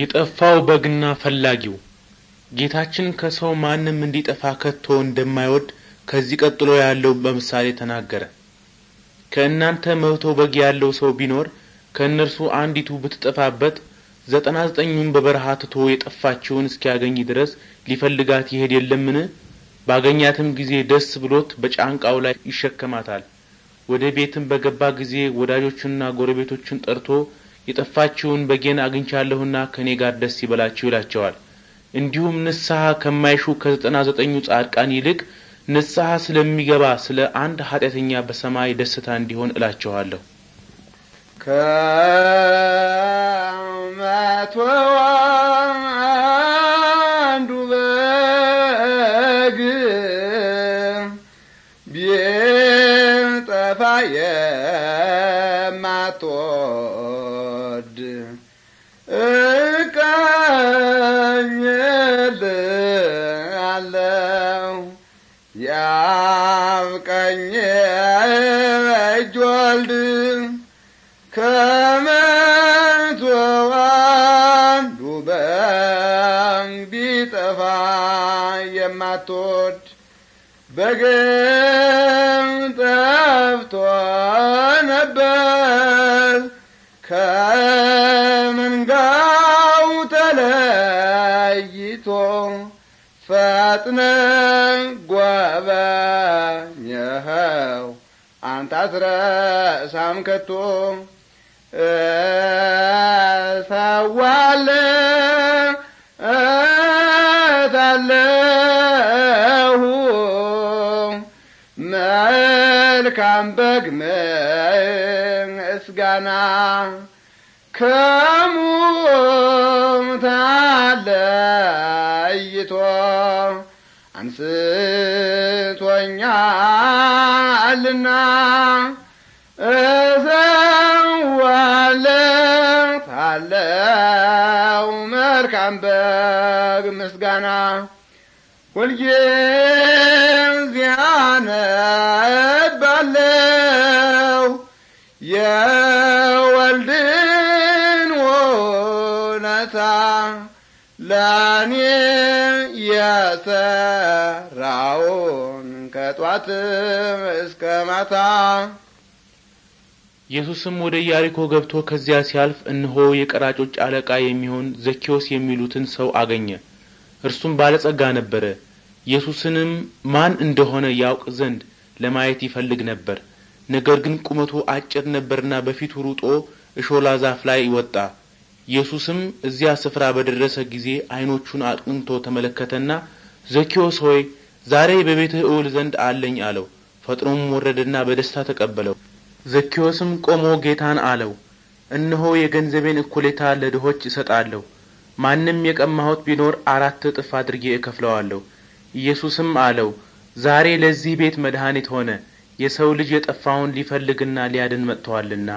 የጠፋው በግና ፈላጊው ጌታችን ከሰው ማንም እንዲጠፋ ከቶ እንደማይወድ ከዚህ ቀጥሎ ያለው በምሳሌ ተናገረ። ከእናንተ መብቶ በግ ያለው ሰው ቢኖር ከእነርሱ አንዲቱ ብትጠፋበት፣ ዘጠና ዘጠኙን በበረሃ ትቶ የጠፋችውን እስኪያገኝ ድረስ ሊፈልጋት ይሄድ የለምን? ባገኛትም ጊዜ ደስ ብሎት በጫንቃው ላይ ይሸከማታል። ወደ ቤትም በገባ ጊዜ ወዳጆቹንና ጎረቤቶቹን ጠርቶ የጠፋችውን በጌን አግኝቻለሁና ከእኔ ጋር ደስ ይበላችሁ ይላቸዋል። እንዲሁም ንስሐ ከማይሹ ከዘጠና ዘጠኙ ጻድቃን ይልቅ ንስሐ ስለሚገባ ስለ አንድ ኃጢአተኛ በሰማይ ደስታ እንዲሆን እላችኋለሁ። ከአማትዋ አንዱ በግ ቢጠፋ የማቶ እቃኘልአለው ያብቀኝ እጅ ወልድ ከመቶ አንዱ ቢጠፋ የማትወድ በግም ጠፍቶ ነበር ቶ ፈጥነ ጓባኘኸው አንተ አትረሳም ከቶ ታዋለ ታለሁ መልካም በግ እስጋና ከ አንስቶኛልና እሰዋለት አለው መልካም በግ ምስጋና ሁልጊዜ አነባለሁ የወልድን ውለታ ለእኔ የሰራውን ከጧት እስከ ማታ። ኢየሱስም ወደ ኢያሪኮ ገብቶ ከዚያ ሲያልፍ እነሆ የቀራጮች አለቃ የሚሆን ዘኪዎስ የሚሉትን ሰው አገኘ። እርሱም ባለጸጋ ነበረ። ኢየሱስንም ማን እንደሆነ ያውቅ ዘንድ ለማየት ይፈልግ ነበር። ነገር ግን ቁመቱ አጭር ነበርና በፊቱ ሩጦ እሾላ ዛፍ ላይ ወጣ። ኢየሱስም እዚያ ስፍራ በደረሰ ጊዜ ዓይኖቹን አቅንቶ ተመለከተና ዘኪዎስ ሆይ ዛሬ በቤትህ እውል ዘንድ አለኝ አለው። ፈጥኖም ወረደና በደስታ ተቀበለው። ዘኪዎስም ቆሞ ጌታን አለው፣ እነሆ የገንዘቤን እኩሌታ ለድሆች እሰጣለሁ፣ ማንም የቀማሁት ቢኖር አራት እጥፍ አድርጌ እከፍለዋለሁ። ኢየሱስም አለው፣ ዛሬ ለዚህ ቤት መድኃኒት ሆነ፣ የሰው ልጅ የጠፋውን ሊፈልግና ሊያድን መጥተዋልና።